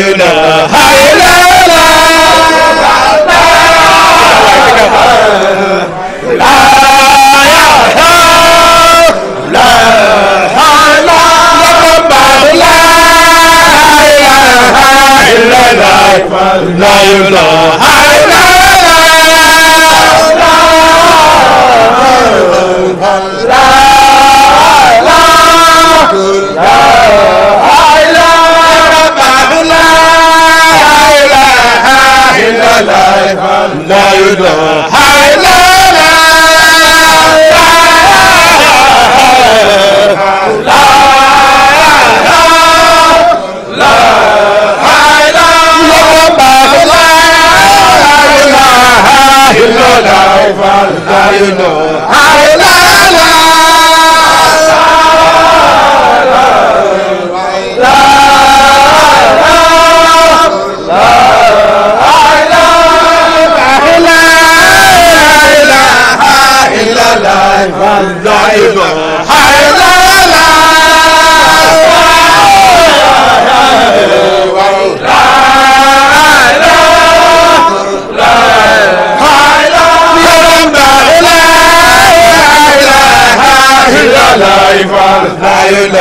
yooyu daal you know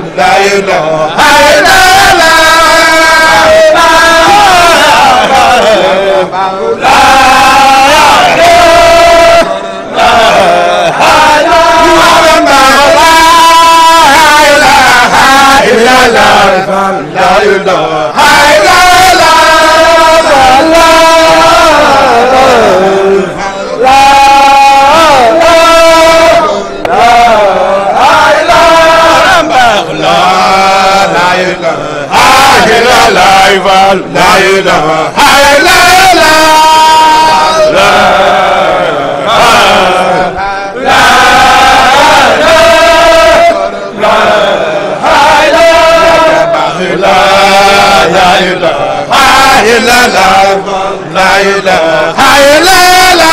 Now you know. I know. La la la la la la lay fal lay la hay lay la la la la hay la la hay la hay la la hay la hay la la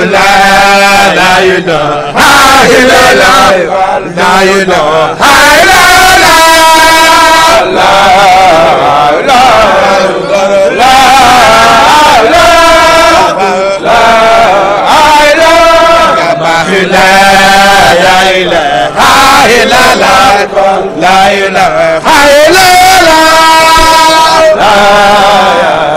لا لا يدار لا لا لا يدار لا لا لا لا لا لا إله إلا الله لا إله إلا الله